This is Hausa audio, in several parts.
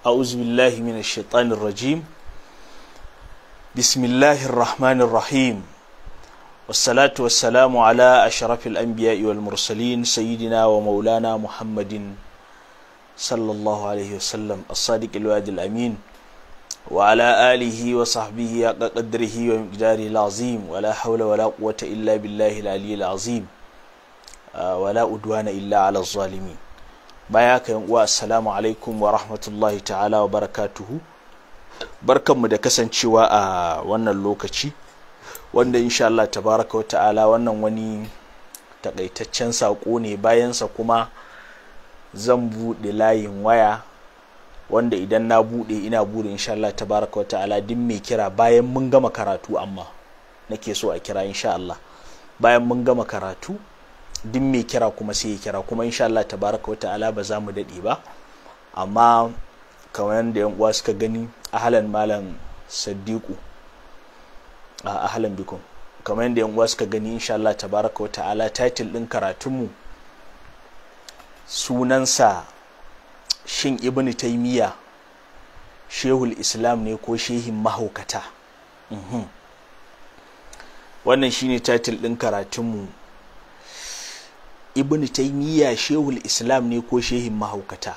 أعوذ بالله من الشيطان الرجيم بسم الله الرحمن الرحيم والصلاة والسلام على أشرف الأنبياء والمرسلين سيدنا ومولانا محمد صلى الله عليه وسلم الصادق الوعد الأمين وعلى آله وصحبه قدره ومقداره العظيم ولا حول ولا قوة إلا بالله العلي العظيم ولا أدوان إلا على الظالمين baya ka yin uwa assalamu alaikum wa rahmatullahi ta'ala wa barakatuhu barkanmu da kasancewa a wannan lokaci wanda insha Allah tabaraka wa ta'ala wannan wani takaitaccen saƙo ne bayansa kuma zan buɗe layin waya wanda idan na buɗe ina buɗe insha Allah tabaraka wa ta'ala duk mai kira bayan mun gama karatu amma nake so a kira insha Allah bayan mun gama karatu duk mai kira kuma sai ya kira kuma insha Allah tabaraka wa ta'ala ba za mu daɗe ba amma kamar yadda yan uwa suka gani ahalan malam saddiku a ahalan bikon kamar yadda yan uwa suka gani insha Allah tabaraka wa ta'ala title din karatunmu sunansa shin ibn taymiya shehul islam ne ko shehin mahaukata mhm. wannan shine title din karatunmu ibn taimiyya shehul islam ne ko shehin mahaukata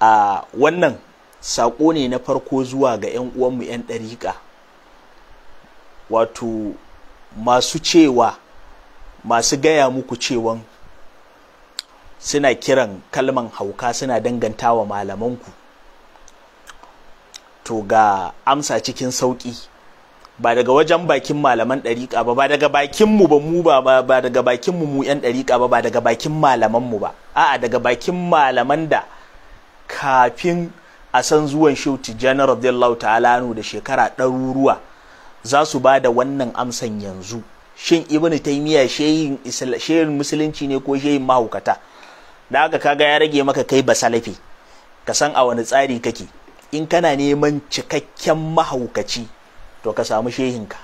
a wannan saƙo ne na farko zuwa ga 'yan uwanmu 'yan ɗariƙa wato masu cewa masu gaya muku cewan suna kiran kalman hauka suna dangantawa malamanku to ga amsa cikin sauƙi ba daga wajen bakin malaman ɗariƙa ba ba daga bakin mu ba mu ba ba daga bakin mu mu yan ɗariƙa ba ba daga bakin malaman mu ba a'a daga bakin malaman da kafin a san zuwan Shuti tijjani radiyallahu ta'ala da shekara ɗaruruwa za su ba da wannan amsan yanzu shin ibn taimiya shehin musulunci ne ko shehin mahaukata da haka kaga ya rage maka kai ba salafi. ka san a wani tsari kake in kana neman cikakken mahaukaci to ka samu shehinka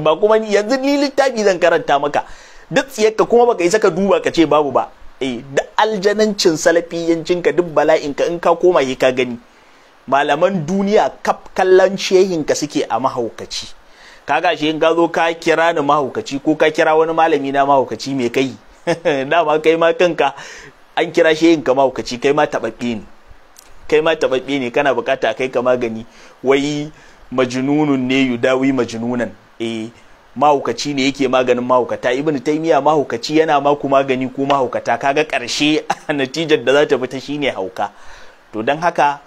ba kuma yanzu ni littafi zan karanta maka duk tsiyarka kuma baka isa ka duba ka ce babu ba eh da aljanancin salafiyancinka duk bala'inka in ka koma ka gani malaman duniya kaf kallon shehinka suke a mahaukaci kaga shi in ka zo ka kira ni mahaukaci ko ka kira wani malami na mahaukaci mai kai dama kai ma kanka an kira shehinka mahaukaci kai ma taɓaɓɓe ne kai ma ne kana bukata kai ka magani wai majinunu ne yudawi majnunan eh mahaukaci ne yake maganin mahaukata ibn taymiya mahaukaci yana maku magani ko mahaukata kaga karshe natijar da za ta fita shine hauka to don haka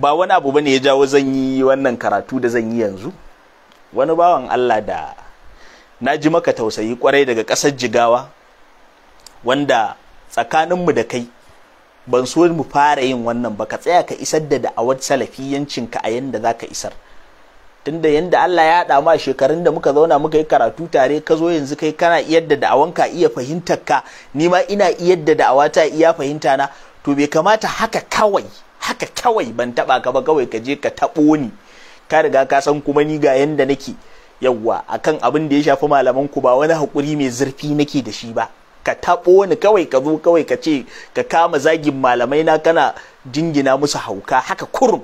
ba wani abu bane ya jawo zan yi wannan karatu da zan yi yanzu wani bawan Allah da na ji maka tausayi kwarai daga ƙasar jigawa wanda tsakaninmu da kai ban so mu fara yin wannan ba ka tsaya ka isar da da'awar salafiyancinka a yanda za ka isar tunda yanda Allah ya haɗa a shekarun da muka zauna muka yi karatu tare ka zo yanzu kai kana iyar da da'awan ka iya fahimtar ka ni ma ina iyar da da'awa ta iya fahimta na to bai kamata haka kawai haka kawai ban taba ka ba kawai ka je ka taɓo ni ka riga ka san kuma ni ga yanda nake yawwa akan abin da ya shafi malaman ku ba wani hakuri mai zurfi nake da shi ba ka taɓo ni kawai ka zo kawai ka ce ka kama zagin malamai na kana jingina musu hauka haka kurum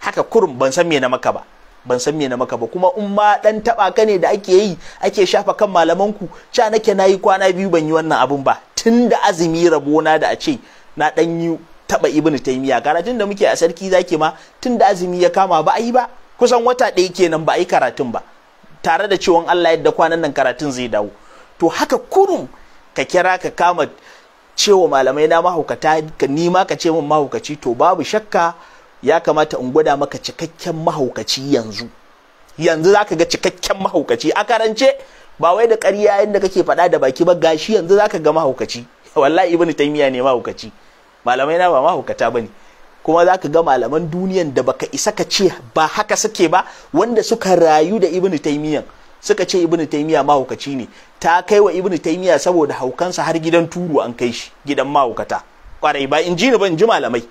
haka kurum ban san me na maka ba ban san me na maka ba kuma in ma dan taba ka ne da ake yi ake shafa kan malaman ku cha nake nayi kwana biyu ban yi wannan abun ba tun da azumi rabona da a ce na dan yi taba ibnu taymiya karatun da muke a sarki zaki ma tun azumi ya kama ba ayi ba kusan wata ɗaya kenan ba a karatun ba tare da cewa Allah yadda kwanan nan karatun zai dawo to haka kurum ka kira ka kama cewa malamai na mahaukata ka nima ka ce min mahaukaci to babu shakka ya kamata in gwada maka cikakken mahaukaci yanzu yanzu zaka ga cikakken mahaukaci a karance ba wai da ƙarya inda kake faɗa da baki ba gashi yanzu zaka ga mahaukaci wallahi ibnu taymiya ne mahaukaci malamai na ba mahaukata bane kuma zaka ga malaman duniyan da baka isa ka ce ba haka suke ba wanda suka rayu da ibnu taymiya suka ce ibnu taimiya mahaukaci ne ta kai wa ibnu taimiya saboda haukansa har gidan turu an kai shi gidan mahaukata kwarai ba in ji ni ba in ji malamai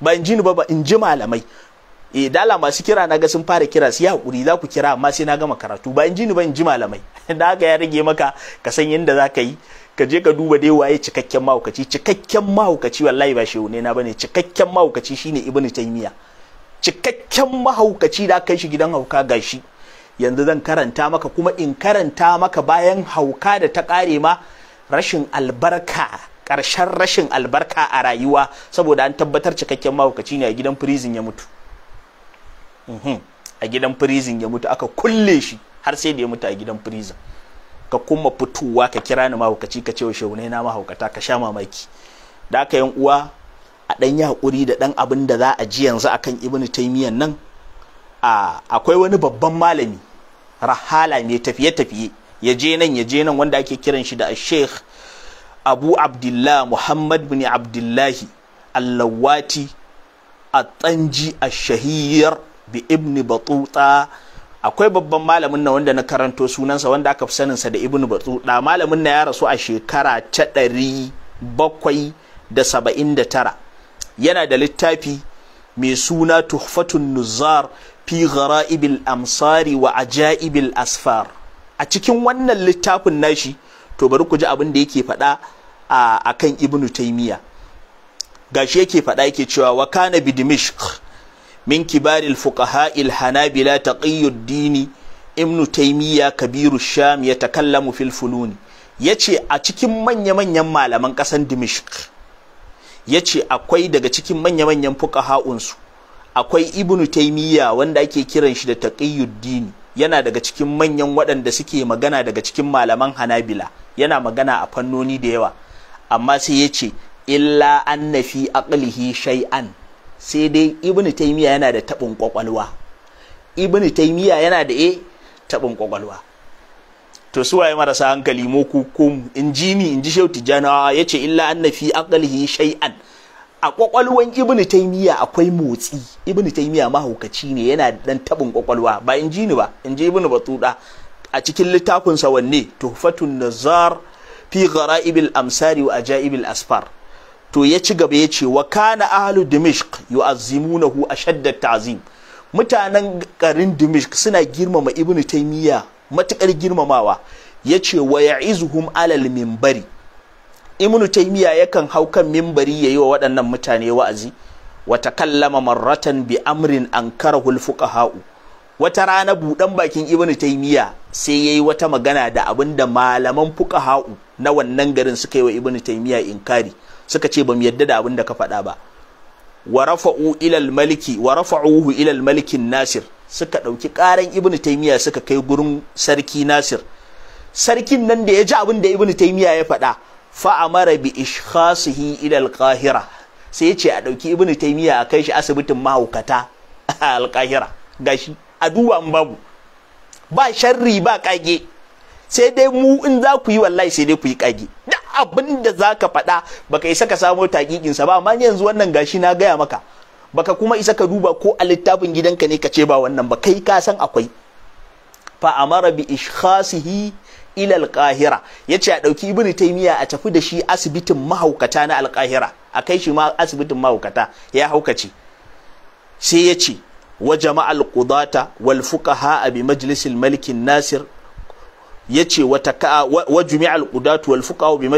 ba in ji ni ba in ji malamai eh dala masu kira na ga sun fara kira su ya hakuri za ku kira amma sai na gama karatu ba in ji ni ba in ji malamai da haka ya rage maka ka san yadda za ka yi ka je ka duba dai waye cikakken mahaukaci cikakken mahaukaci wallahi ba shehu ne na bane cikakken mahaukaci shine ibnu taimiya cikakken mahaukaci da kai shi gidan hauka gashi yanzu zan karanta maka kuma in karanta maka bayan hauka da ta ƙare ma rashin albarka ƙarshen rashin albarka a rayuwa saboda an tabbatar cikakken mahaukaci ne a gidan firizin ya mutu mhm. a gidan firizin ya mutu aka kulle shi har sai da ya mutu a gidan firizin ka kuma fitowa ka kira ni mahaukaci ka ce wa shaunai na mahaukata ka sha mamaki da aka yan uwa a ɗan haƙuri da ɗan abin da za a ji yanzu akan ibnu taimiyan nan akwai wani babban malami rahala mai tafiye-tafiye ya je nan ya je nan wanda ake kiran shi da sheikh abu abdullah muhammad bin abdullahi allawati a tsanji a shahiyar bi ibn batuta akwai babban malamin na wanda na karanto sunansa wanda aka fi saninsa da ibn batuta malamin na ya rasu a shekara ta ɗari bakwai da saba'in da tara yana da littafi mai suna tuhfatun nuzar fi ghara'ibil amsari wa ajaibil asfar a cikin wannan littafin nashi to bari ku ji abin da yake faɗa a kan ibnu taimiya gashi yake faɗa yake cewa wa kana bi min kibaril fuqaha'il hanabila taqiyuddini ibnu taimiya kabiru sham ya takallamu fil fuluni yace a cikin manya-manyan malaman kasan dimishk yace akwai daga cikin manya-manyan unsu akwai ibnu taimiyya wanda ake kiran shi da taqiyuddin yana daga cikin manyan waɗanda suke magana daga cikin malaman hanabila yana magana a fannoni da yawa amma sai ya ce illa anna fi aqlihi shay'an sai dai ibnu taimiyya yana da taɓin ƙwaƙwalwa ibnu taimiyya yana da e taɓin ƙwaƙwalwa to su waye marasa hankali mu ku kum in ji in ya ce illa anna fi aqlihi shay'an a kwakwalwan ibn taymiya akwai motsi ibn taymiya mahaukaci ne yana dan tabin kwakwalwa ba in ji ni ba in ji ibn batuda a cikin littafin sa wanne tuhfatun nazar fi ghara'ibil amsari wa ajaibil asfar to ya ci gaba ya ce wa kana ahlu dimishq yu'azzimunahu ashadda ta'zim mutanen garin dimishq suna girmama ibn taymiya matukar girmamawa ya ce wa ya'izuhum alal minbari ibnu taimiya yakan hau kan mimbari ya yi wa waɗannan mutane wa'azi Wata kallama marratan bi amrin ankarahu al-fuqaha'u wata rana budan bakin ibnu taimiya sai yayi wata magana da abinda malaman fuqaha'u na wannan garin suka yi wa ibnu taymiya inkari suka ce bamu yadda da abinda ka faɗa ba wa rafa'u ila maliki wa rafa'uhu ila nasir suka ɗauki ƙaran ibnu taimiya suka kai gurin sarki nasir sarkin nan da ya ji abin da ibnu taimiya ya faɗa fa'amara bi ishkhasihi ila alqahira sai ya ce a ɗauki ibnu taymiya a kai shi asibitin mahaukata a Ga gashi a duba babu ba sharri ba kage sai dai mu in za ku yi wallahi sai dai ku yi kage da abin da za ka faɗa baka isa ka samo taƙiƙinsa ba amma yanzu wannan gashi na gaya maka baka kuma isa ka duba ko a littafin gidanka ne ka ce ba wannan ba kai ka san akwai fa amara bi ishkhasihi ila ya yace a dauki ibnu taimiya a tafi da shi asibitin mahaukata na alkahira a kai shi ma asibitin mahaukata ya haukace sai yace wa jama'al qudata wal fuqaha bi majlisil malikin nasir wata ka wa jumi'al qudat wal fuqaha bi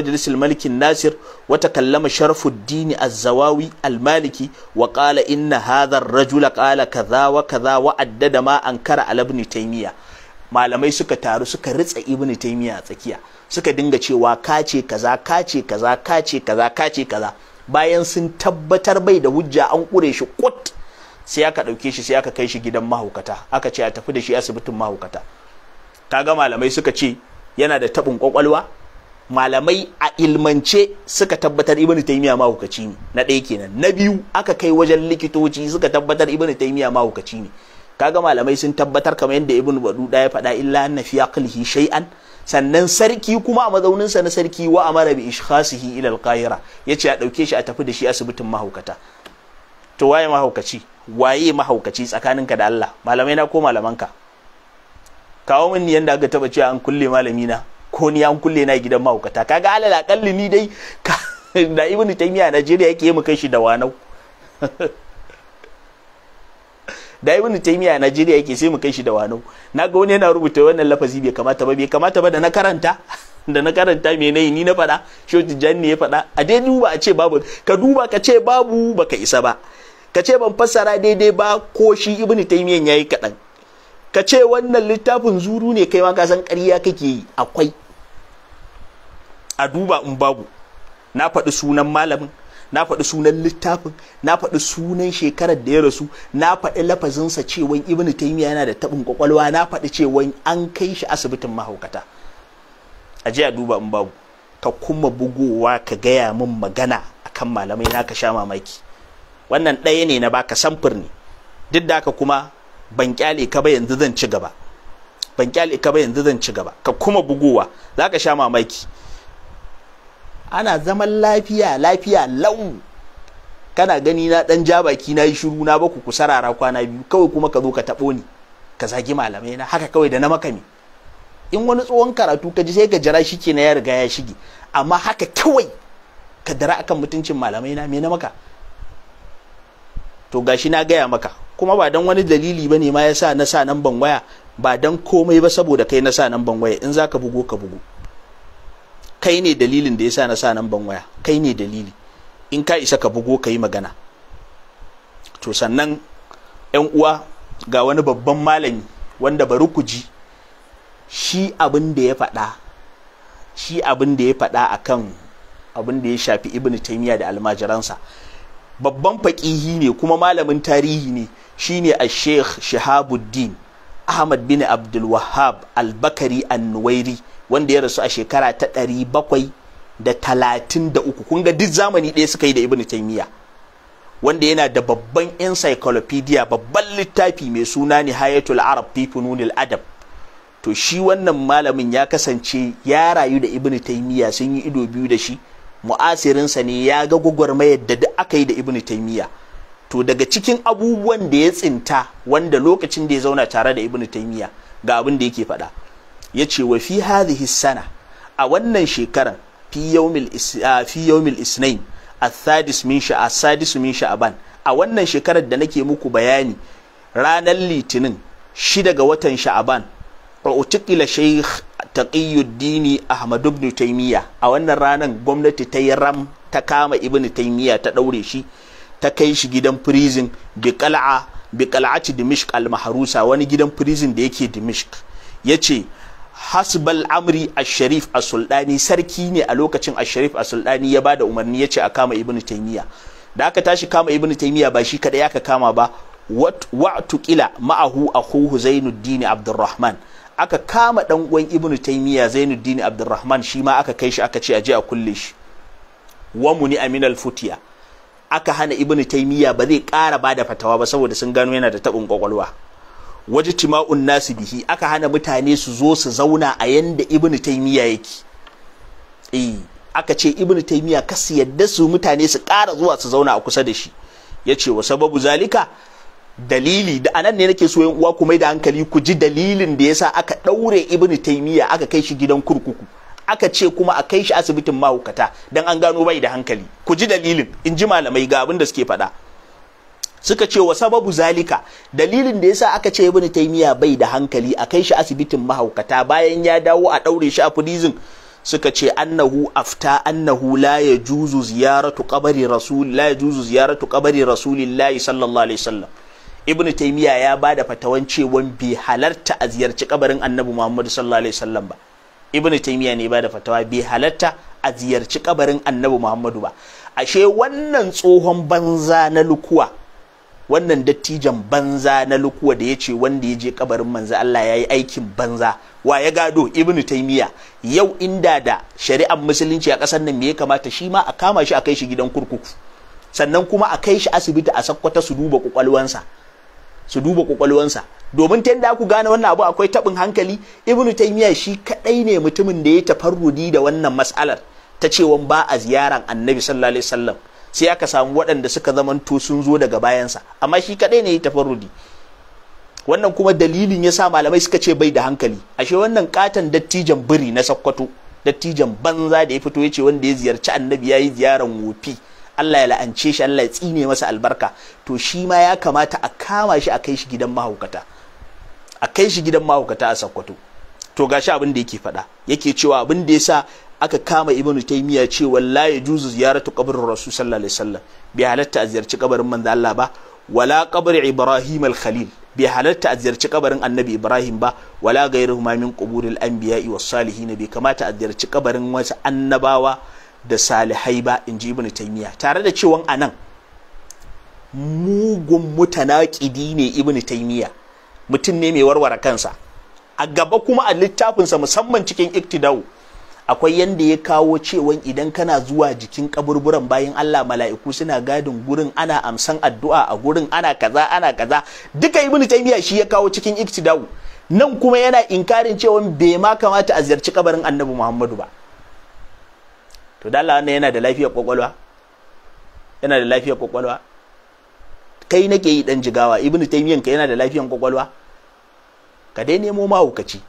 nasir wa takallama sharafuddin az-zawawi al maliki wa qala inna hadha ar-rajula qala kadha wa kadha wa addada ma ankara al ibn taymiya malamai suka taru suka ritsa ibn taymiya tsakiya suka dinga cewa kace kaza kace kaza kace kaza kace kaza bayan sun tabbatar bai da hujja an kure shi kot, sai aka ɗauke shi sai aka kai shi gidan mahaukata aka ce a tafi da shi asibitin mahaukata kaga malamai suka ce yana da tabin kwakwalwa malamai a ilmance suka tabbatar ibn taymiya mahaukaci ne na ɗaya kenan na biyu aka kai wajen likitoci suka tabbatar ibn taymiya mahaukaci ne kaga malamai sun tabbatar kamar yadda ibn da ya faɗa illa anna fi aqlihi shay'an sannan sarki kuma a mazaunin sa na sarki wa amara bi ishkhasihi ila al-qahira yace a dauke shi a tafi da shi asibitin mahaukata to waye mahaukaci waye mahaukaci tsakaninka da Allah malamai na ko malamanka kawo min yanda aka taba cewa an kulle malami na ko ni an kulle na gidan mahaukata kaga alal akalli ni dai da ibn taymiya Najeriya yake yi mu kai shi da wanau da wani taimiya a najeriya yake sai mu kai shi da wano ga wani yana rubuta wannan lafazi bai kamata ba bai kamata ba da na karanta da na karanta me nayi ni na faɗa sho ne ya faɗa a dai duba a ce babu ka duba ka ce babu baka isa ba ka ce ban fassara daidai ba ko shi ibnu taymiyan yayi kaɗan ka ce wannan littafin zuru ne kai ma ka san ƙarya kake yi akwai a duba in babu na faɗi sunan malamin na faɗi sunan littafin na faɗi sunan shekarar da ya rasu na faɗi lafazinsa cewa ibn taymiya yana da tabin kwakwalwa na faɗi cewa an kai shi asibitin mahaukata a jiya duba in babu ka kuma bugowa ka gaya min magana kan malamai na ka sha mamaki wannan ɗaya ne na baka samfur ne duk da ka kuma ban kyale ka ba yanzu zan ci gaba ban kyale ka ba yanzu zan ci gaba ka kuma bugowa za ka sha mamaki ana zaman lafiya lafiya lau kana gani na dan ja baki na yi shiru na baku ku sarara kwana biyu kawai kuma ka zo ka taɓo ni ka zagi malamai na haka kawai da na makami in wani tsohon karatu ka ji sai ka jira shi ke na ya riga ya shige amma haka kawai ka dara akan mutuncin malamai na me na maka to gashi na gaya maka kuma ba dan wani dalili bane ma yasa na sa nan ban waya ba dan komai ba saboda kai na sa nan ban waya in zaka bugo ka bugo kai ne dalilin da ya sa na sa nan ban waya kai ne dalili in ka isa ka bugo ka yi magana to sannan yan uwa ga wani babban malami wanda bari ku ji shi abin da ya faɗa shi abin da ya faɗa akan abin da ya shafi ibnu taimiyya da almajiransa babban faƙihi ne kuma malamin tarihi ne shine a sheikh shahabuddin ahmad bin abdul wahab al-bakari an-nuwairi al bakari al wanda ya rasu a shekara ta ɗari bakwai da talatin da uku kun ga duk zamani ɗaya suka yi da ibn taimiyya wanda yana da babban encyclopedia babban littafi mai suna nihayatul arab fi fununil adab to shi wannan malamin ya kasance ya rayu da ibn taimiya sun yi ido biyu da shi mu'asirinsa ne ya ga gwagwarmayar da duk aka yi da ibn taimiya to daga cikin abubuwan da ya tsinta wanda lokacin da ya zauna tare da ibn taimiya ga abin da yake faɗa ya ce wa fi hadhihi sana a wannan shekarar fi yawmil isnain السادس من شا السادس a wannan shekarar da nake muku bayani ranar litinin shida ga watan sha'aban utukila shaikh taƙiyyuddini ahmad ibn taymiya a wannan ranar gwamnati ta yi ram ta kama ibn taymiya ta daure shi ta kai shi gidan prison bi qal'a bi qal'ati al mahrusa wani gidan prison da yake dimishq yace hasbal amri asharif a sultani sarki ne a lokacin asharif a sulɗani ya ba da umarni ya ce a kama ibnu taimiya da aka tashi kama ibnu taimiya ba shi ya aka kama ba wa'tu qila ma'ahu akhuhu zainuddin abdurrahman aka kama dan uwan ibnu taymiya zainuddin abdurrahman shi ma aka kai shi aka ce a a kulle shi wa muni aminal futiya aka hana ibnu taymiya ba zai ƙara bada fatawa ba saboda sun gano yana da tabin kwakwalwa waje tima'un nasu bihi aka hana mutane su zo su zauna a yanda ibnu taimiya yake eh, aka ce ibnu taimiya kasu yadda su mutane su kara zuwa su zauna a kusa da shi ya ce wa sababu zalika dalili da anan ne nake so yan uwa ku mai da hankali ku ji dalilin da yasa aka daure ibnu taimiya aka kai shi gidan kurkuku aka ce kuma a kai shi asibitin mahaukata dan an gano bai da hankali ku ji dalilin in ji malamai ga abin da suke faɗa suka ce wa sababu zalika dalilin da yasa aka ce ibnu taymiya bai da hankali a kai shi asibitin mahaukata bayan ya dawo a daure shi a prison suka ce annahu afta annahu la yajuzu ziyaratu qabri rasul la yajuzu ziyaratu qabri rasulillahi sallallahu alaihi wasallam ibnu taymiya ya bada fatawan cewan bai halarta a ziyarci kabarin annabi muhammad sallallahu alaihi wasallam ba ibnu taymiya ne bada fatawa bai halarta a ziyarci kabarin annabi muhammadu ba ashe wannan tsohon banza na lukuwa wannan dattijan banza na lukuwa da ya ce wanda ya je kabarin manzo Allah ya yi aikin banza wa ya gado ibnu taimiya yau inda da shari'ar musulunci a ƙasar nan me ya kamata shi ma a kama shi a kai shi gidan kurkuku sannan kuma a kai shi asibiti a sakkwata su duba kwakwalwansa su duba kwakwalwansa domin ta yadda ku gane wannan abu akwai taɓin hankali ibnu taimiya shi kadai ne mutumin da ya tafarrudi da wannan mas'alar ta cewa ba a ziyaran annabi sallallahu alaihi wasallam sai aka samu waɗanda suka zamanto sun zo daga bayansa amma shi kaɗai ne ya tafarrudi wannan kuma dalilin ya sa malamai suka ce bai da hankali ashe wannan katon dattijan biri na sakkwato dattijan banza da ya fito ya ce wanda ya ziyarci annabi ya yi ziyaran wofi Allah ya la'ance shi Allah ya tsine masa albarka to shi ma ya kamata a kama shi a kai shi gidan mahaukata a kai shi gidan mahaukata a sakkwato to gashi abin da yake faɗa yake cewa abin da ya sa. aka kama ibnu taymiya cewa la juzu ziyaratu qabr rasul sallallahu alaihi wasallam bai halatta a ziyarci kabarin manzo Allah ba wala qabr ibrahim al khalil bai halatta a ziyarci kabarin annabi ibrahim ba wala gairu ma min al anbiya wa salihin bai kamata a ziyarci kabarin wasu annabawa da salihai ba inji ibnu taymiya tare da cewa anan mugun mutanaqidi ne ibnu taymiya mutum ne mai warware kansa a gaba kuma a littafinsa musamman cikin iktidau akwai yanda ya kawo cewa idan kana zuwa jikin kaburburan bayan Allah mala'iku suna gadin gurin ana amsan addu'a a gurin ana kaza ana kaza duka Ibn taymiya shi ya kawo cikin iktidau nan kuma yana inkarin cewa bai ma kamata a ziyarci kabarin annabi Muhammadu ba to da Allah wannan yana da lafiyar kwakwalwa yana da lafiyar kwakwalwa kai nake yi dan jigawa Ibn taymiyan ka yana da lafiyar kwakwalwa ka dai nemo mahaukaci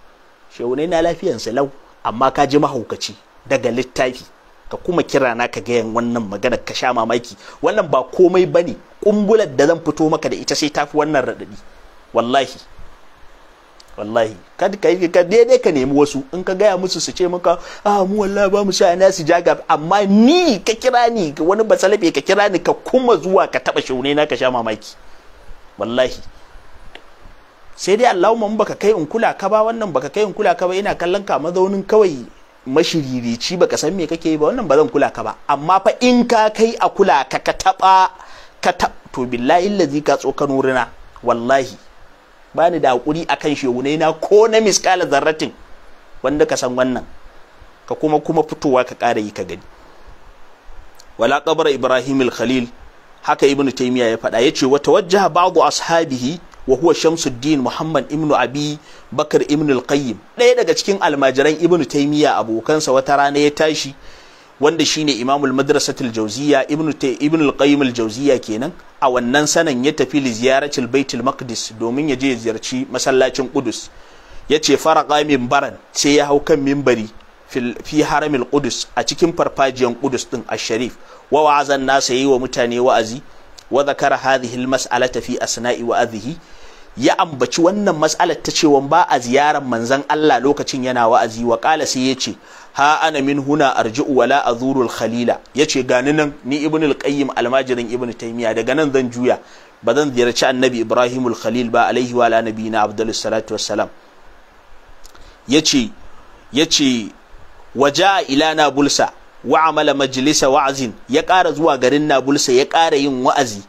shehu na lafiyansa lau amma ka ji mahaukaci daga littafi ka kuma kira na ka gayan wannan magana ka sha mamaki wannan ba komai bane kumbular da zan fito maka da ita sai tafi wannan radadi wallahi wallahi ka ka ka daidai ka nemi wasu in ka gaya musu su ce maka a ah, mu wallahi ba mu sha ja su jaga amma ni ka kira ni wani basalabe ka kira ni ka kuma zuwa ka taba shaune na ka sha mamaki wallahi sai dai Allahumma baka kai in kula ka ba wannan baka kai in kula ka ba ina kallon ka mazaunin kawai mashiririci baka san me kake yi ba wannan ba zan kula ka ba amma fa in ka kai a kula ka ka taba ka ta to billahi allazi ka kan wurina. wallahi bani da hakuri akan shegunai na ko na miskala zarratin wanda ka san wannan ka kuma kuma fitowa ka ƙara yi ka gani wala qabra ibrahim al-khalil haka ibnu taymiya ya faɗa yace wa tawajjaha ba'du ashabihi wa huwa Shamsuddin Muhammad ibn Abi Bakar ibn al-Qayyim ɗaya daga cikin almajiran ibn Taymiyyah abokansa wata rana ya tashi wanda shine Imamul Madrasatul Jawziyya ibn ibn al-Qayyim al-Jawziyya kenan a wannan sanan ya tafi li ziyaratil Baitul Maqdis domin ya je ya ziyarci masallacin Qudus yace faraqa min baran sai ya hau kan minbari fi haramil Qudus a cikin farfajiyan Qudus din Asharif wa wa'azan nasa yi wa mutane wa'azi wa zakara hadhihi al-mas'alata fi asna'i adhihi. ya ambaci wannan matsalar ta cewa ba a ziyarar manzan Allah lokacin yana wa'azi wa kala sai ce ha ana min huna arji'u wala azurul khalila yace gani nan ni ibnul qayyim almajirin ibnu taymiya daga nan zan juya ba zan ziyarci annabi ibrahimul khalil ba alaihi wa ala nabiyina abdul salatu wassalam ya ce waja ila nabulsa wa amala majlisa wa'azin ya kara zuwa garin nabulsa ya kara yin wa'azi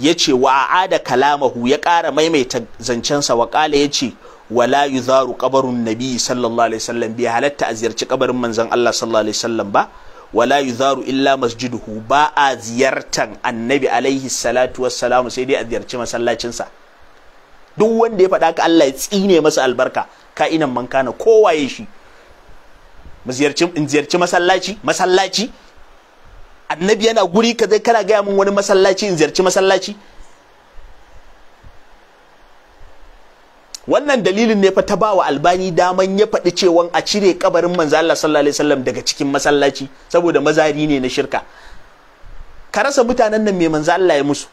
ya ce wa ada kalamahu ya ƙara maimaita zancensa wa ƙala ya ce wala yuzaru kabarun nabi sallallahu alaihi wasallam bai halatta a ziyarci kabarin manzon Allah sallallahu alaihi wasallam ba wala yuzaru illa masjiduhu ba a ziyartan annabi alaihi salatu wassalamu sai dai a ziyarci masallacinsa duk wanda ya faɗa ka Allah ya tsine masa albarka ka inan man kana kowaye shi in ziyarci masallaci masallaci annabi yana guri ka zai kana gaya min wani masallaci in ziyarci masallaci wannan dalilin ne fa ta ba wa albani daman ya faɗi cewa a cire kabarin manzo Allah sallallahu alaihi wasallam daga cikin masallaci saboda mazari ne na shirka ka rasa mutanen nan mai manzo Allah ya musu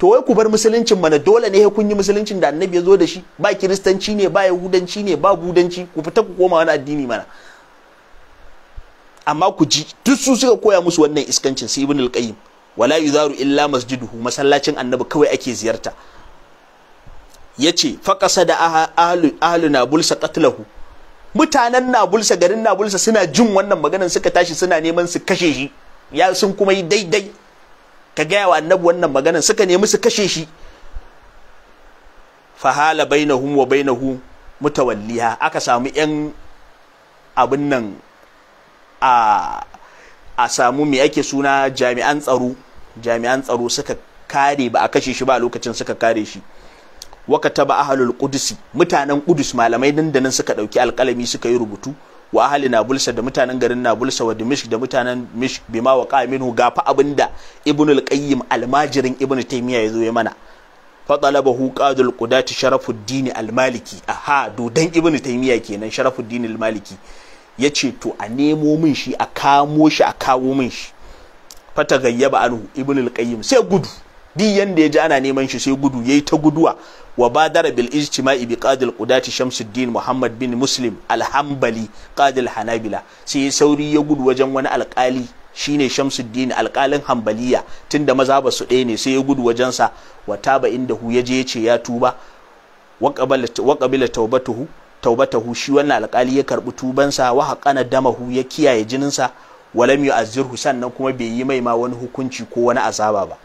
to wai ku bar musuluncin mana dole ne kun yi musuluncin da annabi ya zo da shi ba kiristanci ne ba yahudanci ne ba budanci ku fita ku koma wani addini mana amma ku ji duk su suka koya musu wannan iskancin su ibn al-qayyim wala yuzaru illa masjiduhu masallacin annabi kawai ake ziyarta yace fa da ahlu ahlu nabulsa qatlahu mutanen nabulsa garin nabulsa suna jin wannan maganan suka tashi suna neman su kashe shi ya sun kuma yi daidai ka gaya wa annabi wannan maganan suka nemi su kashe shi fahala bainahum wa bainahu mutawalliha aka samu yan abin nan a a samu me ake suna jami'an tsaro jami'an tsaro suka kare ba a kashe shi ba a lokacin suka kare shi wakata ba ahalul kudusi mutanen kudus malamai dandanan suka dauki alkalami suka yi rubutu wa ahali bulsa da mutanen garin nabulsa wa dimishk da mutanen mishk bima wa qaminu gafa abinda ibnul qayyim almajirin ibn taymiya yazo ya mana fatalabahu qadul qudati sharafuddin almaliki aha dodon ibn taymiya kenan sharafuddin almaliki ya ce to a nemo min shi a kamo shi a kawo min shi fata gayyaba anhu ibn al-qayyim sai gudu di yanda ya ji ana neman shi sai gudu yayi ta guduwa wa badara bil ijtima'i bi qadil qudati shamsuddin muhammad bin muslim al-hanbali qadil hanabila sai sauri ya gudu wajen wani alkali shine shamsuddin alkalin hanbaliya tunda maza ba su ɗaya ne sai ya gudu wajen sa wa taba inda hu yaje je ya ce ya tuba wa qabila tawbatuhu taubatahu shi wannan alƙali ya karɓi tubansa wa haƙana damahu ya kiyaye jininsa walam azirhu sannan kuma bai yi mai ma wani hukunci ko wani azaba ba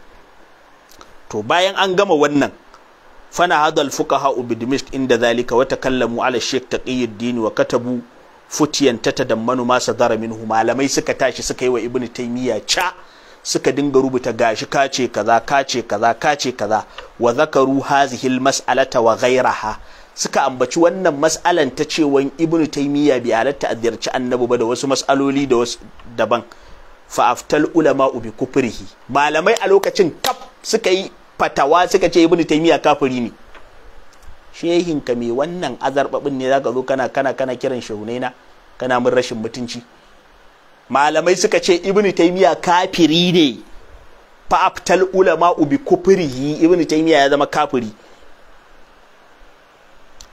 to bayan an gama wannan fana hadal fuqaha u dimishq inda zalika wa takallamu ala shaykh taqiyuddin wa katabu futiyan tatadammanu ma sadara minhu malamai suka tashi suka yi wa ibnu taymiya ca suka dinga rubuta gashi kace kaza kace kaza kace kaza wa zakaru hazihi almas'alata wa ghayraha suka ambaci wannan mas'alan ta cewan ibnu taymiya bi halatta a ziyarci annabi ba da wasu mas'aloli da wasu daban fa aftal ulama bi kufrihi malamai a lokacin kaf suka yi fatawa suka ce ibnu taymiya kafiri ne shehin ka mai wannan azarbabin ne zaka zo kana kana kana kiran shehunaina kana mun rashin mutunci malamai suka ce ibnu taymiya kafiri ne fa aftal ulama bi kufrihi ibnu taymiya ya zama kafiri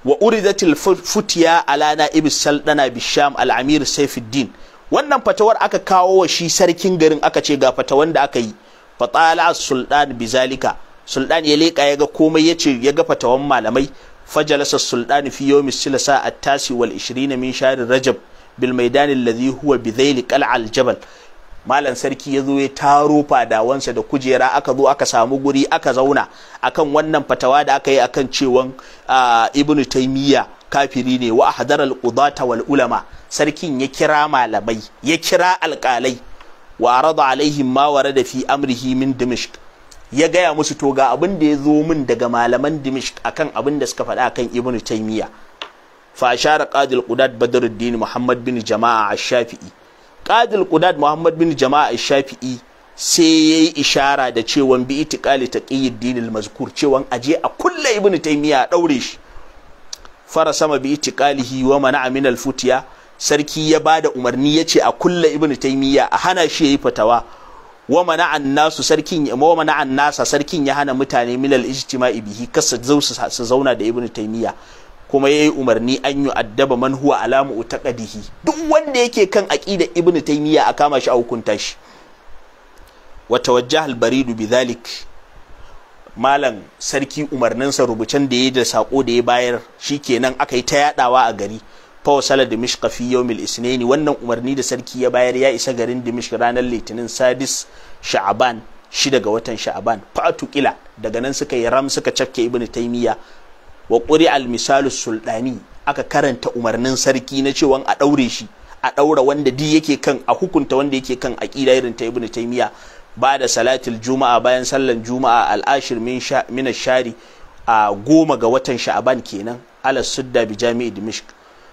wa uridatil futiya ala na'ib saldana bisham al-amir saifuddin wannan fatawar aka kawo wa shi sarkin garin aka ce ga fatawar da aka yi fatala sultan bizalika sultan ya leka ya ga komai ya ce ya ga fatawan malamai fajalasa sultan fi yawmi silasa at-tasi wal 20 min shahr rajab bil maidan alladhi huwa bidhail qal'a jabal malam sarki ya zo ya taro fadawansa da kujera aka zo aka samu guri aka zauna akan wannan fatawa da aka yi akan cewan ibnu taymiya kafiri ne wa hadarar qudata wal ulama sarkin ya kira malamai ya kira alƙalai wa arada alaihim ma warada fi amrihi min dimishk ya gaya musu to ga abin da ya zo min daga malaman dimishk akan abin da suka faɗa akan ibnu taymiya fa ashara qadil qudat badruddin muhammad bin jama'a ash-shafi'i qadil qudad muhammad bin jama'a shafi'i sai yayi ishara da cewan bi itiqali ƙiyyar dinil mazkur cewan aje a kulle ibnu taymiya a daure shi fara sama bi itiqalihi wa mana'a min al futiya sarki ya bada umarni yace a kulle ibnu taymiya a hana shi yayi fatawa wa an nasu sarkin wa nasa sarkin ya hana mutane milal ijtima'i bihi kasa su zauna da ibnu taymiya kuma ya yi umarni an yi addaba man huwa alamu utaqadihi duk wanda yake kan aqida ibnu taymiya a kama shi a hukunta shi wa tawajjaha baridu bidhalik malam sarki umarninsa rubucin da ya da sako da ya bayar shi shikenan aka yi ta yadawa a gari da mishka fi yawmil isneni. wannan umarni da sarki ya bayar ya isa garin da mishka ranar litinin sadis sha'aban shi daga watan sha'aban fatu kila daga nan suka yi ram suka cafke ibnu taymiya wa ƙuri almisalu sulɗani aka karanta umarnin sarki na cewa a ɗaure shi a ɗaura wanda di yake kan a hukunta wanda yake kan a ƙira irin ta ibnu taymiya ba da salatul juma'a bayan sallan juma'a al'ashir min shari a goma ga watan sha'aban kenan alas sudda bi jami'i dimishk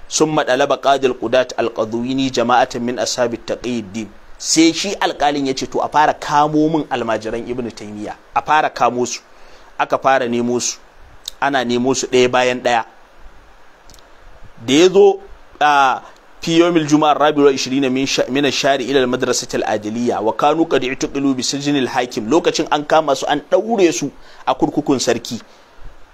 sun ba ƙadil ƙudat alqadwini jama'atan min ta taqiyuddin sai shi alƙalin ya ce to a fara kamo min almajiran ibn taymiya a fara kamo su aka fara nemo su ana nemo su ɗaya bayan ɗaya da ya zo a fiyomil juma'ar rabiru 20 min shari ila madrasat al-adiliya wa kanu qad i'tiqilu bi sijnil hakim lokacin an kama su an daure su a kurkukun sarki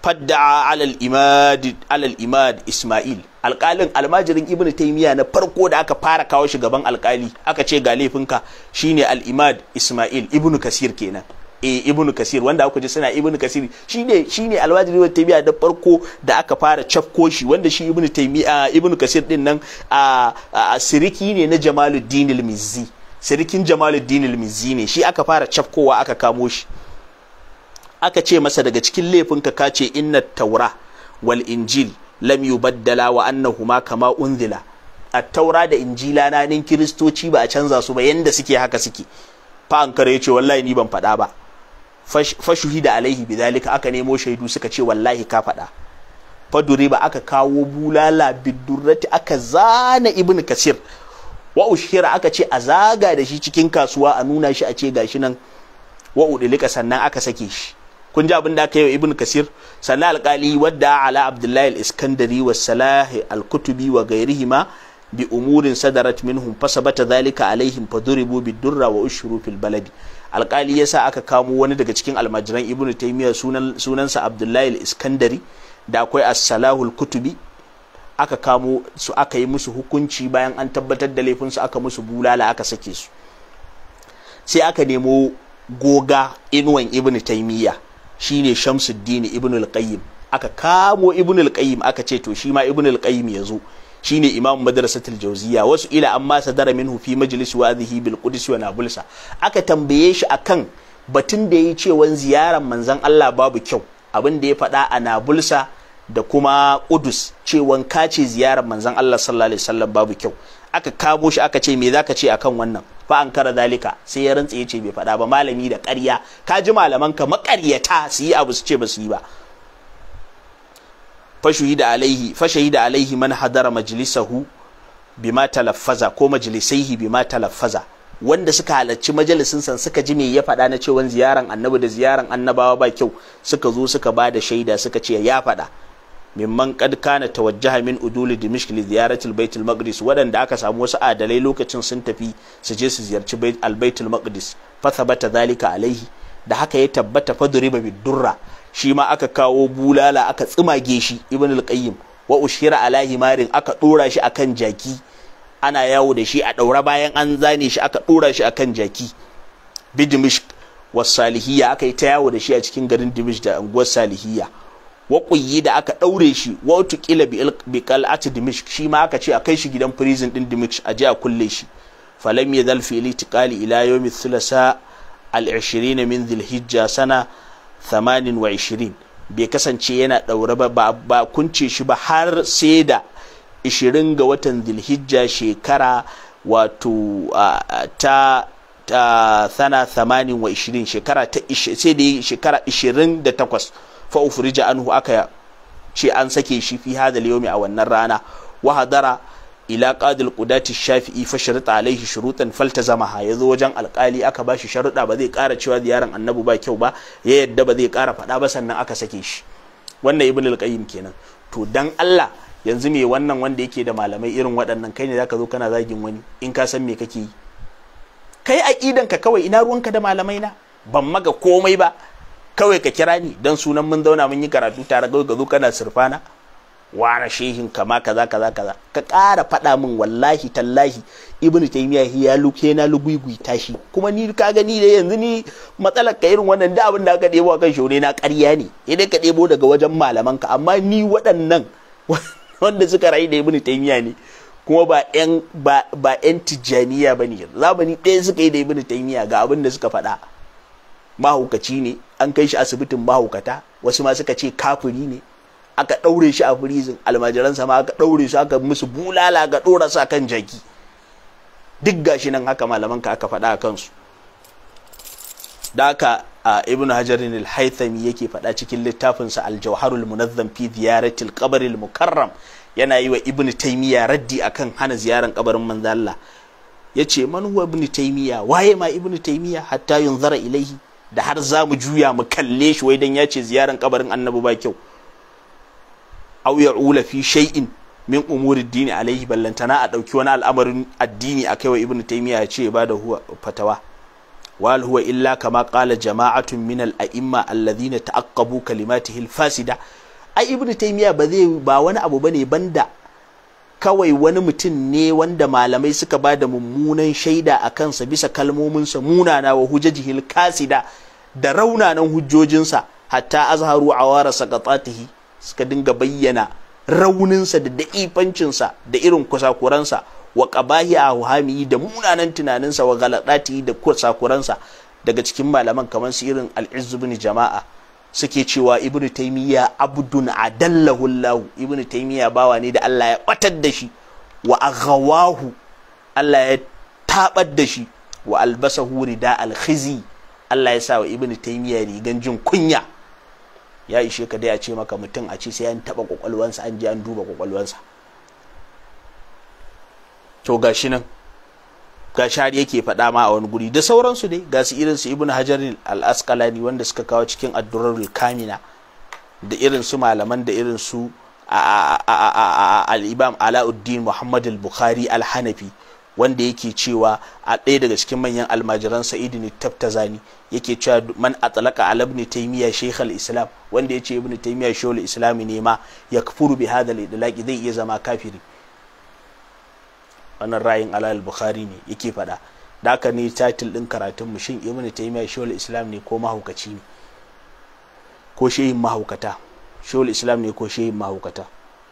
fadda alal imad isma'il alƙalin almajirin ibnu taymiya na farko da aka fara kawo shi gaban alƙali aka ce ga laifinka shine al imad isma'il ibnu kasir kenan e ibnu kasir wanda aka ji suna ibnu kasir shi ne shi ne alwajiri wa taymiya da farko da aka fara cafko shi wanda shi ibnu taymiya ibnu kasir din nan a siriki ne na jamaluddin al-mizzi sirikin jamaluddin al-mizzi ne shi aka fara cafkowa aka kamo shi aka ce masa daga cikin laifin ka kace inna taura wal injil lam yubaddala wa annahuma kama unzila at-taura da injila na nin kiristoci ba a canza su ba yanda suke haka suke fa an kare ya ce wallahi ni ban faɗa ba fashuhi da alaihi dalika aka nemo shaidu suka ce wallahi ka faɗa fadure ba aka kawo bulala bidurrati aka zana ibn kasir wa ushira aka ce a zaga da shi cikin kasuwa a nuna shi a ce gashi nan wa udilika sannan aka sake shi kun ji abin da aka yi wa ibn kasir sannan alƙali wadda ala abdullahi al-iskandari wa salahi al-kutubi wa gairihima bi umurin sadarat minhum fasabata zalika alaihim faduribu bidurra wa ushuru fil baladi alkali ya sa aka kamo wani daga cikin almajiran ibnu taimiyya sunansa abdullahi iskandari da akwai as-salahul kutubi aka kamo su aka yi musu hukunci bayan an tabbatar da laifinsu aka musu bulala aka sake su sai aka nemo goga inuwan ibnu taimiyya shine shamsuddin ibnu alqayyim aka kamo ibnu alqayyim aka ce to shi ma ibnu alqayyim ya zo shine imam madrasatul jawziya wasu ila amma sadara minhu fi majlis wadhihi bil qudus wa nabulsa aka tambaye shi akan batun da yayi cewan ziyaran manzon Allah babu kyau abin da ya faɗa a bulsa da kuma qudus cewan kace ziyaran manzon Allah sallallahu alaihi wasallam babu kyau aka kamo shi aka ce me zaka ce akan wannan fa an kara zalika sai ya rantsa ya ce bai faɗa ba malami da ƙarya ka ji malaman ka maƙaryata su yi abu su ce ba su yi ba fashahida alaihi fashahida alaihi man hadara majlisahu bima talaffaza ko majlisaihi bima talaffaza wanda suka halarci majalisin san suka ji me ya faɗa na cewa ziyaran annabi da ziyaran annabawa ba kyau suka zo suka ba da shaida suka ce ya faɗa mimman kad kana tawajjaha min uduli dimishk li ziyaratil baitul maqdis wadanda aka samu wasu adalai lokacin sun tafi su je su ziyarci al baitul maqdis fa thabata zalika alaihi da haka ya tabbata fadriba bidurra shi ma aka kawo bulala aka tsima shi ibn al-qayyim wa ushira ala himarin aka dora shi akan jaki ana yawo da shi a daura bayan an zane shi aka dora shi akan jaki bidimish wa salihiyya aka yi ta yawo da shi a cikin garin dimish da unguwar salihiyya wa kuyi da aka daure shi wa tuqila bi qal'at dimish shi ma aka ce a kai shi gidan prison din dimish a je a kulle shi falam yadhal fi litiqali ila yawmi thulasa al-20 min hijja sana 28 bai kasance yana ɗaure ba ba kunce shi ba har sai da 20 ga watan zilhijja shekara wato ta sana 28 shekara ta sai da shekara 28 fa an anhu aka ce an sake shi fi hadal yawmi a wannan rana wa hadara ila qadil qudati shafi'i fa sharita alaihi shurutan faltazamaha yazo wajen alkali aka bashi sharuɗa ba zai ƙara cewa ziyaran annabi ba kyau ba ya yadda ba zai kara faɗa ba sannan aka sake shi wannan ibn al kenan to dan Allah yanzu me wannan wanda yake da malamai irin waɗannan kai ne zaka zo kana zagin wani in ka san me kake yi kai aqidan ka kawai ina ruwanka da malamai na ban maga komai ba kawai ka kira ni dan sunan mun zauna mun yi karatu tare ga zo kana surfana wane shehin kama kaza kaza kaza ka ƙara faɗa min wallahi tallahi ibn taymiya ya luke na lugugui tashi kuma ni ka gani da yanzu ni matsalar ka irin wannan da abin da aka ɗebo kan shore na karya ne idan ka ɗebo daga wajen malaman ka amma ni waɗannan wanda suka rayu da ibn taymiya ne kuma ba yan ba ba yan tijaniya bane zamani ɗaya suka yi da ibn taymiya ga abin da suka faɗa mahaukaci ne an kai shi asibitin mahaukata wasu ma suka ce kafiri ne aka ɗaure shi a firizin almajiransa ma aka ɗaure su aka musu bulala ga ɗora sa kan jaki duk gashi nan haka malaman ka aka faɗa a kansu da haka a ibn hajar al-haythami yake faɗa cikin littafinsa al-jawharul munazzam fi ziyaratil qabril mukarram yana yi wa ibn taymiya raddi akan hana ziyaran kabarin manzo Allah yace man huwa ibn taymiya waye ma ibn taymiya hatta yunzara ilaihi da har za mu juya mu kalle shi wai dan yace ce ziyaran kabarin annabi ba kyau aw ya'ula fi shay'in min umuri dini alaihi ballantana a ɗauki wani al'amarin addini a kaiwa ibnu taymiya ya ce ba da huwa fatawa wal huwa illa kama qala jama'atun min al a'imma alladhina ta'aqqabu kalimatihi al fasida ai ibnu taymiya ba zai ba wani abu bane banda kawai wani mutum ne wanda malamai suka ba da mummunan shaida a kansa bisa kalmominsa munana wa hujajihil kasida da raunanan hujjojinsa hatta azharu awara saqatatihi suka dinga bayyana rauninsa da da'ifancinsa da irin kusakuransa wa ƙabahi a huhamiyi da munanan tunaninsa wa galadati da kusakuransa daga cikin malaman kamar su irin al'izu bin jama'a suke cewa ibn taimiyya abdun adallahu ibn taimiyya bawa ne da Allah ya batar da shi wa aghawahu Allah ya tabar da shi wa albasahu rida da alhizi Allah ya sa wa ibn taimiyya rigan jin kunya ya ishe ka dai a ce maka mutum a ce sai an taba kwakwalwansa an je an duba kwakwalwansa to gashi nan ga shari yake faɗa ma a wani guri da sauransu dai ga su irin su ibnu hajar al-asqalani wanda suka kawo cikin ad-durarul kamina da irin su malaman da irin su al-imam alauddin muhammad al-bukhari al-hanafi wanda yake cewa a ɗaya daga cikin manyan almajiran sa'idu ne taftazani yake cewa man atalaka ala ibn taimiya shekhal islam wanda yace ibn taimiya shekhal islam ne ma yakfuru bi hada al zai iya zama kafiri wannan ra'ayin ala al-bukhari ne yake faɗa da haka ne titil din karatun mu shin ibn taimiya shekhal islam ne ko mahaukaci ne ko shehin mahaukata shekhal islam ne ko shehin mahaukata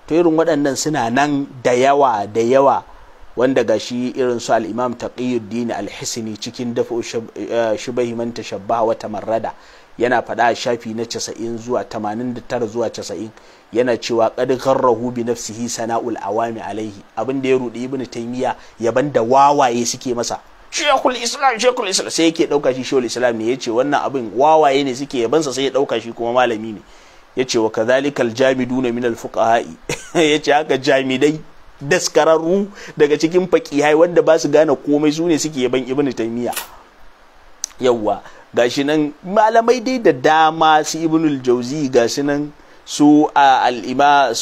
to irin waɗannan suna nan da yawa da yawa wanda ga shi irin su al'imam taqiyuddin al-hisni cikin dafa eh, shubahi man tashabbaha wa tamarrada yana faɗa a shafi na 90 zuwa 89 zuwa 90 yana cewa qad gharrahu bi nafsihi sana'ul awami alaihi abin da ya rudi ibn taymiya yaban da wawaye suke masa shekul islam shekul islam sai yake dauka shi shekul islam ne yace wannan abin wawaye ne suke yabansa sai ya dauka shi kuma malami ne yace wa kadhalikal jamiduna min al fuqaha yace haka jamidai daskararru daga cikin fakihai wanda ba su gane komai su ne suke yaban ibnu taymiya yawwa shi nan malamai dai da dama su ibnul jauzi shi nan su al-imam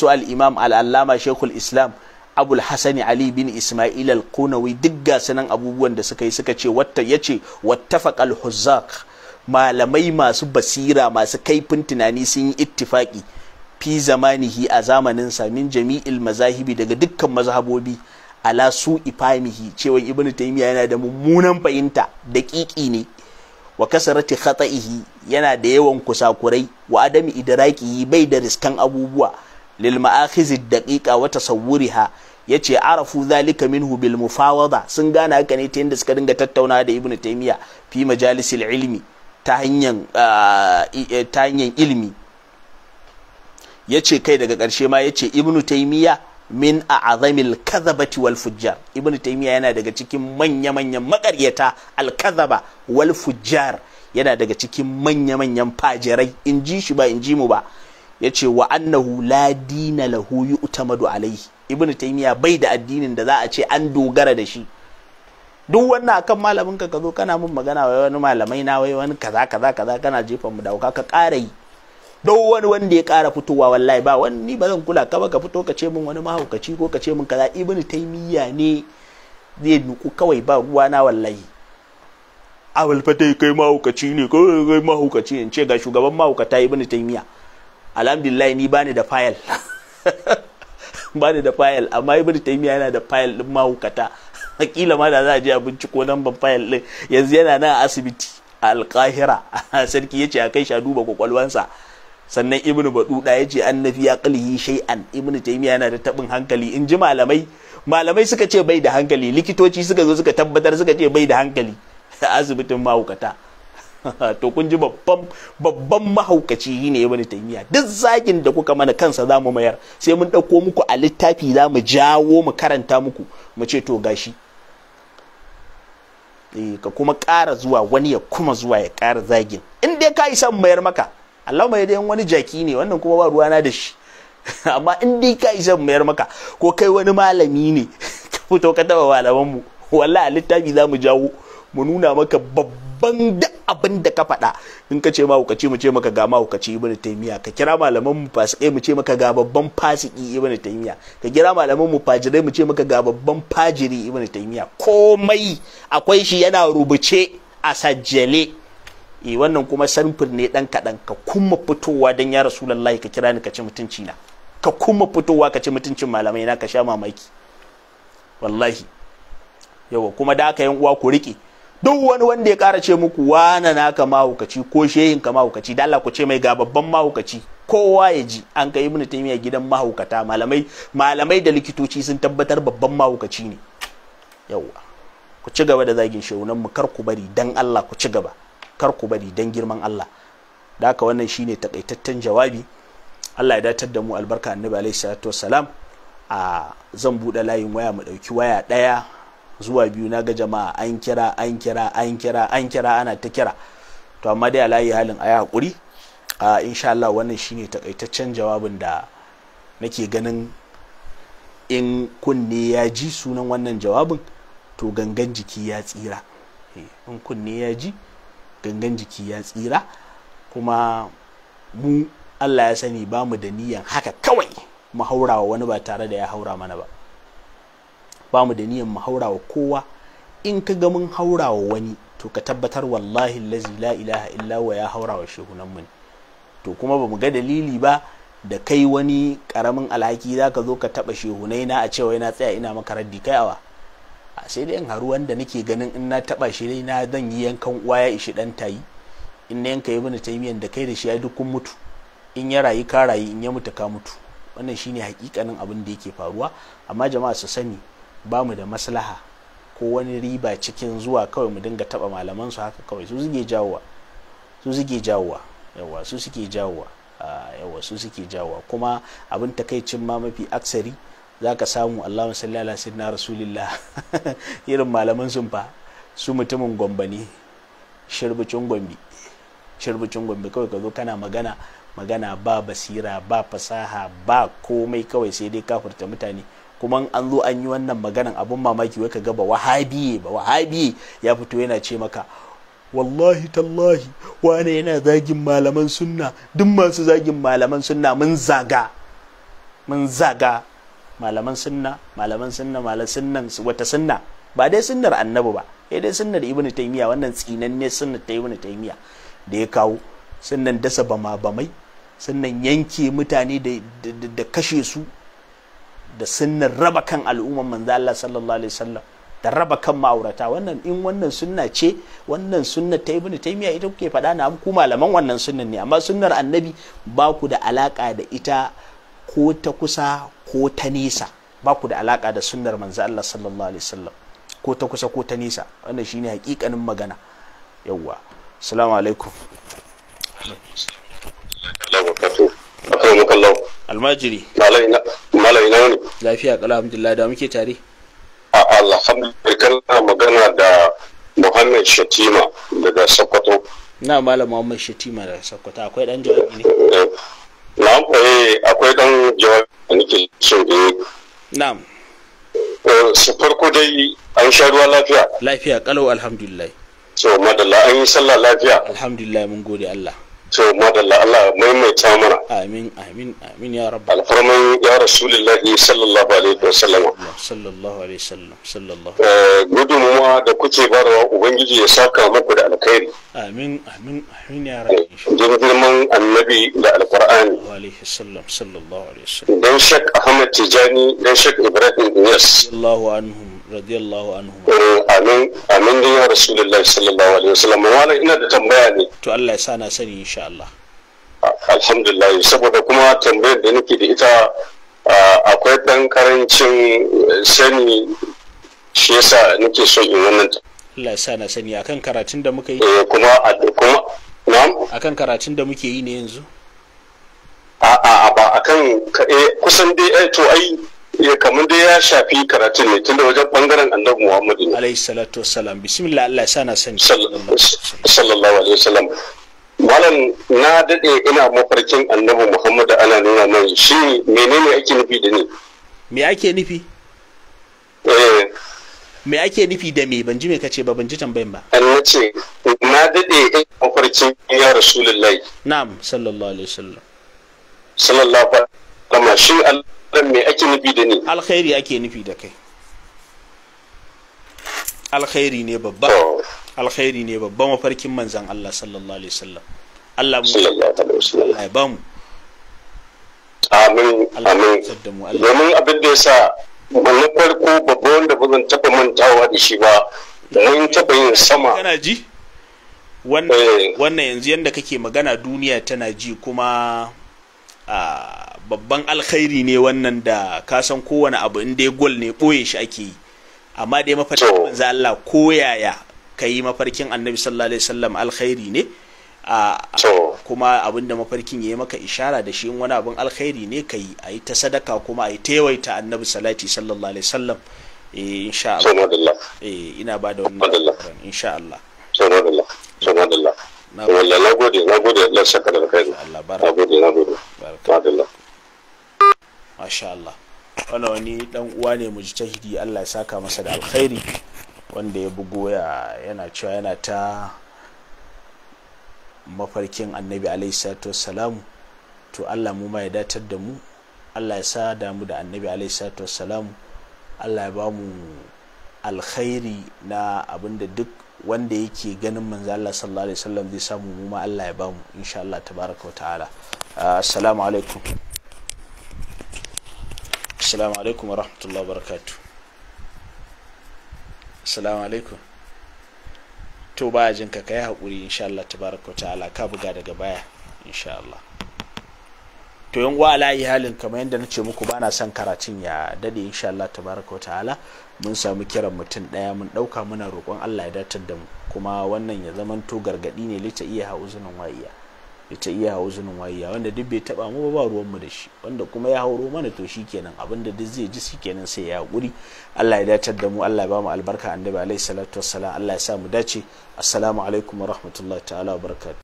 shekul al islam abul hasani ali bin isma'il al kunawi duk gasu nan abubuwan da suka yi suka ce wata yace wattafaqa al-huzzaq malamai masu basira masu kaifin tunani sun yi ittifaki fi zamanihi a zamanin samin jami'il mazahibi daga dukkan mazhabobi ala su ifamihi cewa ibnu taymiya yana da mummunan fahimta daƙiƙi ne wa kasarati khata'ihi yana da yawan kusakurai wa adami idraki bai da riskan abubuwa lil ma'akhizi daqiqa wa tasawwuriha yace arafu zalika minhu bil mufawada sun gana haka ne ta yadda suka dinga tattauna da ibnu taymiya fi majalisil ilmi ta hanyar ah, eh, ta hanyar ilmi ya ce kai daga ƙarshe ma ya ce ibnu taimiya min a azamil kazabati wal fujjar ibnu taimiya yana daga cikin manya-manyan makaryata al kazaba wal fujjar yana daga cikin manya-manyan fajirai in ji shi ba in ji mu ba ya ce wa annahu la dina lahu utamadu alaihi ibnu taimiya bai da addinin da za a ce an dogara da shi duk wannan akan malamin ka ka zo kana mun magana wai wani malamai na wai wani kaza kaza kaza kana jefa mu dauka ka ƙara yi Don wani wanda ya kara fitowa wallahi ba wani ba zan kula ka ba ka fito ka ce min wani mahaukaci ko ka ce min kaza ibnu taymiya ne zai nuku kawai ba ruwa na wallahi abul fatai kai mahaukaci ne kai mahaukaci ne ce ga shugaban mahaukata ibnu taymiya alhamdulillah ni bani da file bani da file amma ibnu taymiya yana da fayil din mahaukata hakila ma da za a je a binciko nan ban file din yanzu yana nan a asibiti a alkahira sarki ya ce a kai sha duba kwakwalwansa sannan ibnu baduda ya ce annafi ya qalhi sha'i'an. ibnu taymiya yana da tabin hankali in ji malamai malamai suka ce bai da hankali likitoci suka zo suka tabbatar suka ce bai da hankali a asibitin mahaukata to kun ji babban babban mahaukaci ne ibnu taimiya duk zagin da kuka mana kansa za mu mayar sai mun ɗauko muku a littafi za mu jawo mu karanta muku mu ce to gashi eh, ka kuma ƙara zuwa wani ya kuma zuwa ya ƙara zagin in dai ka yi son mayar maka Allah mai dai wani jaki ne wannan kuma ba ruwana da shi amma in dai ka isa mayar maka ko kai wani malami ne ka fito ka taba malaman mu wallahi littafi za mu jawo mu nuna maka babban da abin da ka faɗa in ka ce ma ka ce mu ce maka ga ma ka ce ibnu taymiya ka kira malaman mu fasikai mu ce maka ga babban fasiki ibnu taymiya ka kira malaman mu fajirai mu ce maka ga babban fajiri ibnu taymiya komai akwai shi yana rubuce a sajjale e wannan kuma samfur ne dan kaɗan ka kuma fitowa dan ya rasulullahi ka kira ni ka ci mutunci na ka kuma fitowa ka ci mutuncin malamai na ka sha mamaki wallahi yawa kuma da aka yin uwa ku rike duk wani wanda ya kara ce muku wana naka mahaukaci ko shehin ka mahaukaci da Allah ku ce mai ga babban mahaukaci kowa ya ji an kai ibnu taymiya gidan mahaukata malamai malamai da likitoci sun tabbatar babban mahaukaci ne yawa ku ci gaba da zagin shehunan mu kar ku bari dan Allah ku ci gaba kar ku bari dan girman Allah da haka wannan shine takaitaccen jawabi Allah ya datar da mu albarka annabi alaihi salatu wassalam a zan bude layin waya mu dauki waya daya zuwa biyu na ga jama'a an kira an kira an kira an kira ana ta kira to amma dai alayi halin a hakuri a insha Allah wannan shine takaitaccen jawabin da nake ganin in kunne ya ji sunan wannan jawabin to gangan jiki ya tsira eh, in kunne ya ji gangan jiki ya tsira kuma mu Allah ya sani ba mu da niyan haka kawai mu haura wa wani ba tare da ya haura mana ba ba mu da niyan mu haura wa kowa in ka ga mun haura wa wani to ka tabbatar wallahi lazi la ilaha illa wa ya haura wa shehunan mu to kuma ba mu ga dalili ba da kai wani karamin alhaki zaka zo ka taba shehunai na a cewa yana tsaya ina maka raddi kai awa sai dai in haru wanda nake ganin in na taba shi dai na zan yi yankan uwa ya ishi dan tayi in na yanka ta miyan da kai da shi ya duk kun mutu in ya rayu ka rayu in ya mutu ka mutu wannan shine hakikanin abin da yake faruwa amma jama'a su sani ba mu da maslaha ko wani riba cikin zuwa kawai mu dinga taba malaman su haka kawai su suke jawowa su suke jawowa yawa su suke jawowa ah, yawa su suke jawowa kuma abin takaicin ma mafi aksari za ka samu allahumma salli ala na rasulillah irin malaman sun fa su mutumin gombe ne shirbucin gombe shirbucin kawai ka zo kana magana magana ba basira ba fasaha ba komai kawai sai dai kafurta mutane kuma an zo an yi wannan maganan abun mamaki wai ka ga ba wahabiye ba wahabiye ya fito yana ce maka wallahi tallahi wane yana zagin malaman sunna duk masu zagin malaman sunna mun mun zaga malaman sunna malaman sunna malaman sunnan wata sunna ba dai sunnar annabi ba sai dai sunnar ibnu taymiya wannan tsinanne sunnar ta ibnu taymiya da ya kawo sunnan dasa bama bamai sunnan yanke mutane da kashe su da sunnan raba kan al'umman manzo Allah sallallahu alaihi wasallam da raba kan ma'aurata wannan in wannan sunna ce wannan sunna ta ibnu taymiya ita kuke faɗa na ku malaman wannan sunnan ne amma sunnar annabi ba ku da alaka da ita ko ta kusa ko ta nesa ba ku da alaka da sunnar manzo Allah sallallahu alaihi wasallam ko ta kusa ko ta nesa wannan shine hakikanin magana yawwa assalamu alaikum almajiri malai na wani lafiya kala alhamdulillah da muke tare a alhamdulillah kana magana da muhammad shatima daga sokoto na malam muhammad shatima daga sokoto akwai dan jawabi ne eh, na kwaye eh, akwai dan jawabi da nake so in na'am su farko dai an sha ruwa lafiya lafiya kalau alhamdulillah so madalla an yi sallah lafiya alhamdulillah mun gode Allah So madalla Allah maimaita mana amin amin amin ya rabu alfarman ya rasulullahi sallallahu alaihi wasallam sallallahu alaihi wasallam sallallahu eh, gudunmuwa da kuke barwa ubangiji ya saka muku da alkhairi amin amin amin ya rabbi girman annabi da alqur'ani alaihi sallam sallallahu alaihi sallam. dan shek ahmad tijani dan shek ibrahim yes sallallahu anhum radiyallahu anhum eh, amin amin da ya rasulullahi sallallahu alaihi wasallam wala ina da tambaya ne to Allah ya sa na sani insha Allah alhamdulillah saboda kuma tambayar da nake da ita akwai ɗan karancin eh, sani shi yasa nake so in wannan Allah sa na sani akan karatun da muka yi eh kuma a kuma na'am akan karatun da muke yi ne yanzu a a ba akan eh kusan dai eh, to ai ya eh, kamar dai ya shafi karatun ne tunda wajen bangaren annabi Muhammad ne alayhi salatu wassalam bismillah Allah sa na sani sallallahu alaihi wasallam malam na dade ina mafarkin annabi Muhammad ana nuna mai shi menene ake nufi da ni me ake nufi eh me ake nufi da me ban ji me kace ba ban ji tambayin ba an ce na dade in mafarkin ya rasulullahi na'am sallallahu alaihi wasallam sallallahu alaihi wasallam shi Allah me ake nufi da ni alkhairi ake nufi da kai alkhairi ne babba oh. alkhairi ne babba mafarkin manzan Allah sallallahu alaihi wasallam Allah mu sallallahu alaihi wasallam ai ba mu amin amin domin abin da yasa na farko babba wanda ba zan taba mantawa da shi ba mun taɓa yin sama kana ji wannan eh. yanzu yadda kake magana duniya tana ji kuma babban alkhairi ne wannan da ka san kowane abu in dai gol ne ɓoye shi ake yi amma dai mafarkin manzo Allah ko yaya ka mafarkin annabi sallallahu alaihi wasallam alkhairi ne a kuma abin da mafarkin ya yi maka ishara da shi wani abin alkhairi ne ka yi a yi ta sadaka kuma a yi ta annabi salati sallallahu alaihi sallam eh, insha Allah eh ina ba da wannan insha Allah sanadallah sanadallah eh, wallahi gode na gode Allah saka da kai Allah na gode gode masha Allah wannan wani dan uwa ne mu tahidi Allah ya saka masa da alkhairi wanda ya bugo ya yana cewa yana ta mafarkin annabi alaihissalatu salatu wassalamu to Allah mu ma ya datar da mu Allah ya sa damu da annabi alaihissalatu salatu wassalamu Allah ya ba mu alkhairi na abinda duk wanda yake ganin manzo Allah sallallahu alaihi wasallam zai samu mu ma Allah ya ba mu insha Allah tabaraka wa ta'ala uh, assalamu alaikum assalamu alaikum wa rahmatullahi wa barakatuh assalamu alaikum to ba jin ka kai hakuri insha Allah tabaraka wa ta'ala ka buga daga baya insha Allah to yan uwa ala halin kamar yadda na ce muku bana son karatun ya dade insha Allah tabaraka wa ta'ala mun samu kiran mutum ɗaya mun ɗauka muna roƙon Allah ya datar da mu kuma wannan ya zamanto gargaɗi ne lita iya hauzunan wa'iya ita ta iya hau zunin wayiya wanda duk bai taba mu ba ruwan mu da shi wanda kuma ya hauro mana to shi shikenan abinda duk zai ji shikenan sai ya hakuri Allah ya dace da mu Allah ya ba mu albarka annabi alaihi salatu wassalam Allah ya sa mu dace assalamu alaikum wa rahmatullahi ta'ala wa